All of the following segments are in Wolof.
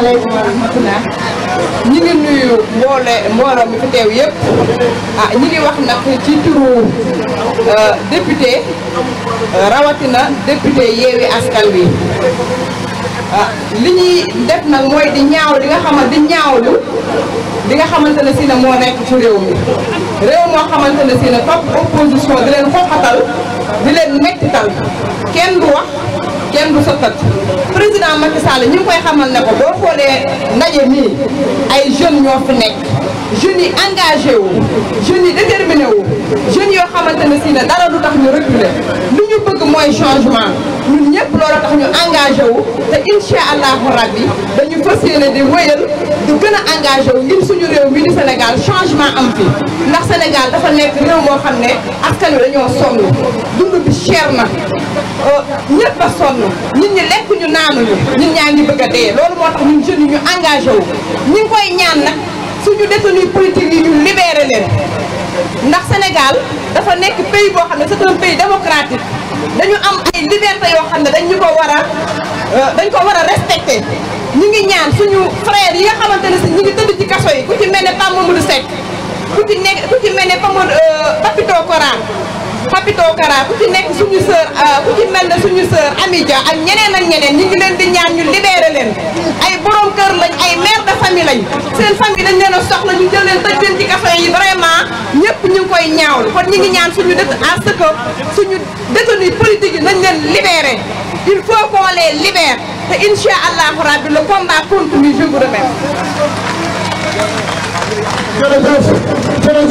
asalaamaaleykum wa rahmatulah ñi ngi nuyu mboole mbooloo mi fi teew yëpp ah ñi ngi wax nag ci turu euh, député rawatina député yeewi askan bi ah li ñuy def nag mooy di ñaaw di nga xamal di nga xamante ne si na moo nekk ci réew mi réew moo xamante ne si ne topp opposition di leen foqatal di leen mettital kenn du wax kenn du sottat président Macky Sall ñu ngi koy xamal ne ko boo xoolee ndaje mii ay jeunes ñoo fi nekk jeunes yi engagé wu jeunes yi déterminé wu jeunes yoo xamante ne si ne dara du tax ñu reculer lu ñu bëgg mooy changement ñun ñëpp loolu tax ñu engagé wu te incha allahu rabbi dañu fas yéene di wéyal di gën a ngir suñu réew mi di Sénégal changement am fi ndax Sénégal dafa nekk réew moo xam ne askan wi dañoo sonn dund bi cher na Euh, ñëpp a sonn ñun ñi lekk ñu naanuñu ñun ñaa ngi bëgg a dee loolu moo tax ñu jeunes yi ñu engagé wu ñu ngi koy ñaan nag suñu détenu politique yi ñu libéré leen ndax Sénégal dafa nekk pays boo xam ne c'est un pays démocratique dañu am ay liberté yoo xam ne dañ ñu ko war a euh, dañ ko war a respecté ñu ngi ñaan suñu frère yi nga xamante ne si ñu ngi tëdd ci kaso yi ku ci mel ne Pape Mamadou Seck ku ci nekk ku ci mel ne Pape euh, Papito Koran papito kara ku ci nekk suñu sœur euh, ku ci mel ne suñu sœur amidia ak ñeneen ak ñeneen ñi ngi leen di ñaan ñu libéré leen ay borom kër lañ ay mère de famille lañ seen famille dañ leen a soxla ñu jël leen tëj leen ci kaso yi vraiment ñëpp ñu koy ñaaw kon ñi ngi ñaan suñu dëkk à ce que suñu détenus politiques yi nañ leen libéré il faut qu'on les libère te incha allahu rabbi le combat continue je vous remercie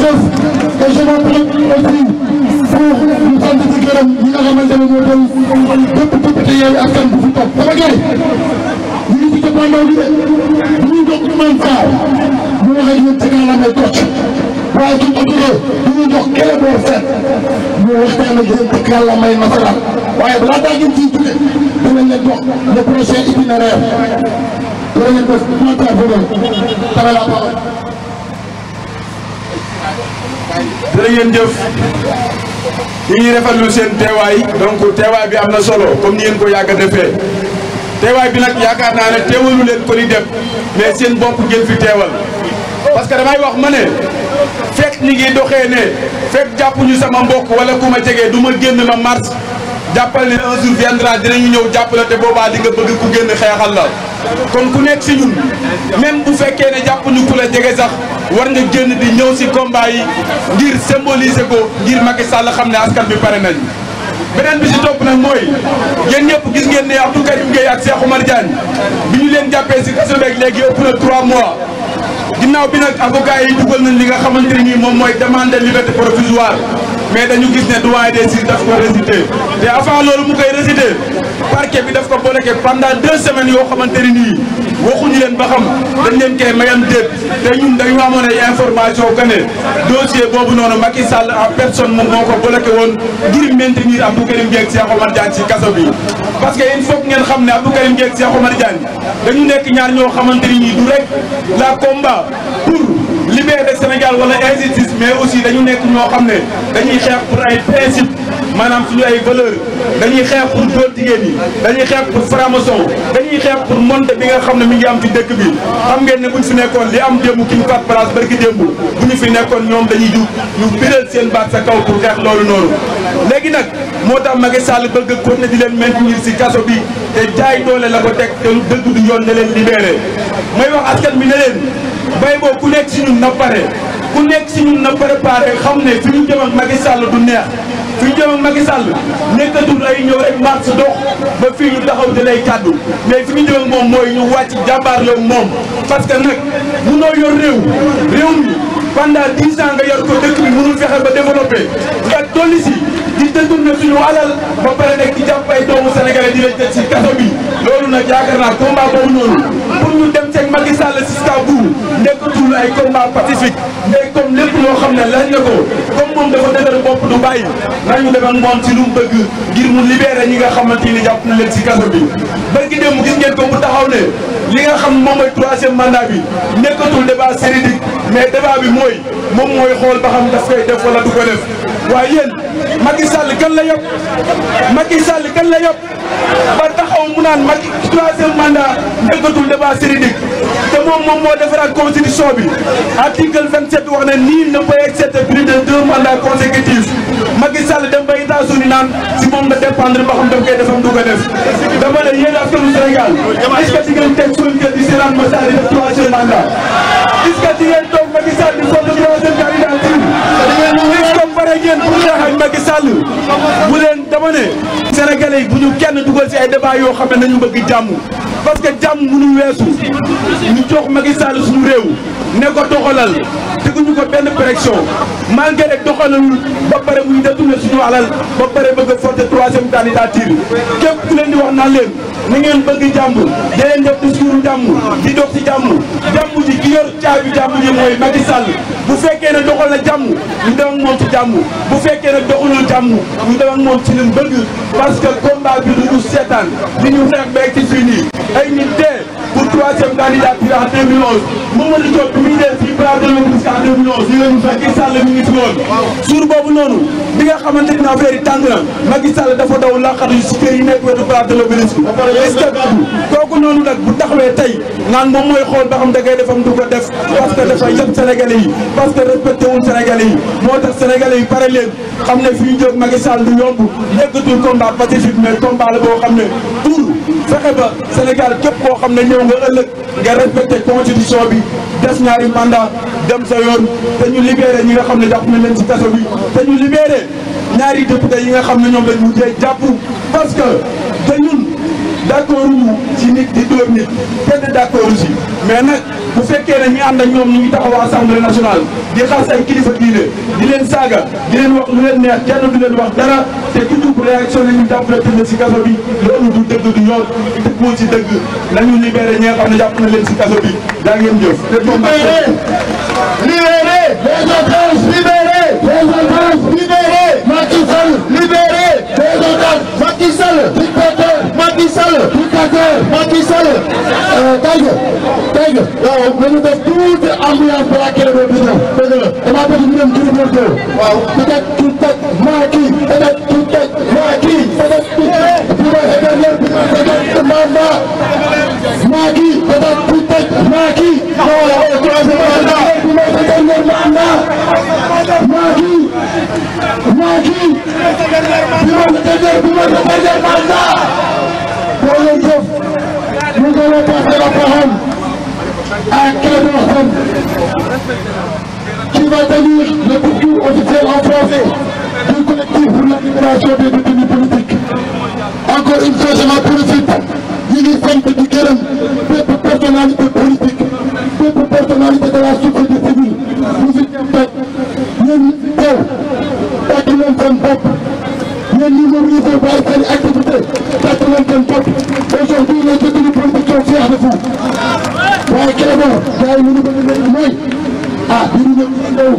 jërëjëf et je m'en prie aussi pour ñu sant di gërëm ñi nga xamante ne ñoo doon bépp député Yewwi Askan bu fi toog sama gars ñu ngi ci jëppandaw bi de ñu ngi jox Ousmane Sarr mu wax ak yéen ci kanam ay coach waaye suñ ko tuddee du ñu jox kële boor seet ñu waxtaan ak yéen ci yàlla may nasaraan waaye balaa daa ngeen ciy jóge dinañ leen jox le prochain itinéraire dinañ leen def commentaire bu doon tawee jërë ngeen jëf ñu ngi rafetlu seen teewaay donc teewaay bi am na solo comme ni ngeen ko yàgg a defee teewaay bi nag yaakaar naa ne teewalu leen ko ni def mais seen bopp ngeen fi teewal parce damay wax ma ne fekk ñi ngi ne fekk jàppuñu sama mbokk wala ku ma jege du ma génn ma mars jàppal ne un jour viendra ñëw jàppale te boobaa di nga bëgg ku génn xeexal la kon ku nekk si ñun même bu fekkee ne jàpp ñu ku la jege sax war nga génn di ñëw si combat yi ngir symboliser ko ngir Macky Sall xam ne askan bi pare nañ beneen bi si topp nag mooy yéen ñëpp gis ngeen ne Abdou Karim Gueye ak Cheikh Oumar Diagne bi ñu leen jàppee si kaso beeg léegi ëpp na 3 mois ginnaaw bi nag avocat yi dugal nañ li nga xamante ne nii moom mooy demande liberté provisoire mais dañu gis ne doyen des juges daf ko récité te avant loolu mu koy récité parquet bi daf ko bloqué pendant deux semaines yoo xamante ni nii waxuñu leen ba xam dañ leen koy mayam déet te ñun dañu amoon ay information que ne dossier boobu noonu Macky Sall en personne moom moo ko bloqué woon ngir maintenir Abdou Karim si ak Cheikh Omar kaso bi parce que il faut ngeen xam ne Abdou Karim Gueye ak Cheikh Omar Diagne dañu nekk ñaar ñoo xamante ni nii du rek la libérer Sénégal wala injustice mais aussi dañu nekk ñoo xam ne dañuy xeex pour ay principe maanaam suñu ay valeur dañuy xeex pour góor jigéen yi dañuy xeex pour franc-maçon dañuy xeex pour monte bi nga xam ne mu ngi am ci dëkk bi xam ngeen ne bu buñ fi nekkoon li am démb King Fahd Palace barki démb bu ñu fi nekkoon ñoom dañuy jug ñu biral seen baat sa kaw pour xeex loolu noonu léegi nag moo tax Macky Sall bëgg ko ne di leen maintenir si kaso bi te jaay doole ko teg te lu dëgg du ne leen libéré may wax askan bi ne leen bay boo ku nekk si ñun na pare ku nekk si ñun na préparé xam ne fi ñu jëm ak Macky Sall du neex fi ñu jëm ak Macky Sall nekkatul ay ñëw rek mars dox ba fii ñu taxaw di lay kàddu mais fi ñu jëm ak moom mooy ñu wàcc jàmbaar la moom parce que nag munoo yor réew réew mi pendant dix ans nga yor koo dëkk bi mënul fexe ba développé nga dolli si di détourné ñu alal ba pare nekk di jàpp ay doomu sénégalais di leen tëj si kaso bi loolu nag yaakaar naa combat boobu noonu pour ñu Macky Sall jusqu'à bout nekkatul ay combat pacifique mais comme lépp loo xam ne laaj ko comme moom dafa dëgër bopp du bàyyi nañu dem moom ci lu mu bëgg ngir mu libéré ñi nga xamante ni jàpp na leen ci kaso bi. barki démb gis ngeen ko bu taxaw ne li nga xam moom mooy troisième mandat bi nekkatul débat juridique mais débat bi mooy moom mooy xool ba xam daf koy def wala du ko def waaye yéen Macky Sall la yëpp Macky Sall kan la yëpp. naan mag troisième mandat dëggatul débat juridique te moom moom moo defaraat constitution bi article 27 wax na nii ne peut excéder plus de deux mandats consécutifs Macky Sall dem ba états si moom la dépendre ba xam daf koy defam du def dama ne yéen askanu Sénégal est-ce que mandat xeex ak Macky Sall bu leen dama ne sénégalais yi bu ñu kenn dugal ci ay débat yoo xam ne nañu bëgg jàmm parce que jàmm mënul weesu ñu jox Macky Sall suñu réew ne ko doxalal teguñu ko benn pression malgré rek doxalalul ba pare muy détourné suñu alal ba pare bëgg a forcer troisième candidature képp ku leen di wax naan leen na ngeen bëgg jàmm di leen def discours jàmm di dox ci jàmm jàmm ji ki yor caabi jàmm ji mooy Macky ne doxal na jàmm ñu dem ak moom ci jàmm bu fekkee nag doxalul jàmm ñu dem ak moom ci lim bëgg parce que combat bi du ñu seetaan li ñu xeex beeg ci fii nii ay nit dee pour troisième candidature en 2011 Mamadou Diop bi muy dee fii bras de ngi fi suur boobu noonu bi nga xamante ni affaire yi tàng na Macky Sall dafa daw laqatu si kër yi nekk wetu bras de l'opposition est kooku noonu nag bu taxawee tey naan moom mooy xool ba xam da ngay defam du ko def parce que dafa yëpp yi parce que respecté yi moo tax Sénégalais yi pare leen xam ne fii jóg Macky Sall du yomb nekkatul combat pacifique mais combat la boo xam ne pour fexe ba Sénégal képp koo xam ne ñëw nga ëllëg nga respecté constitution bi def ñaari mandat dem sa yoon te ñu ñi nga xam ne jàpp nañ leen ci kaso bi te ñaari député yi nga xam ne ñoom lañ mujjee jàpp parce que dañu d' accord ñu ci nit di dóor nit kenn d' accord aussi bu fekkee ne ànd ak ñoom ñu ngi taxaw assemblée nationale di xas ay kilifa diine di leen saaga di leen wax lu leen neex kenn wax dara te ku réaction la ñu jàppale tëj si kaso bi loolu du dëgg du ñoom dëggoo dëgg nañu libéré ñi nga xam ne jàpp na leen si kaso bi daa ngeen jëf. libéré Macky Sall. dictateur Macky Sall. Taïga euh, Taïga. waaw bu ñu def tuuti ambiance balaa kii la doon dina. dëgg la damaa bëgg ñu dem kii bi doon waaw peut-être un Clédor qui va tenir le discours officiel en français du collectif pour la libération des détenus politiques. Encore une fois, je m'en profite ñu ngi di gërëm bépp personnalité politique bépp personnalité de la société civile bu fi teew ñun teew tekki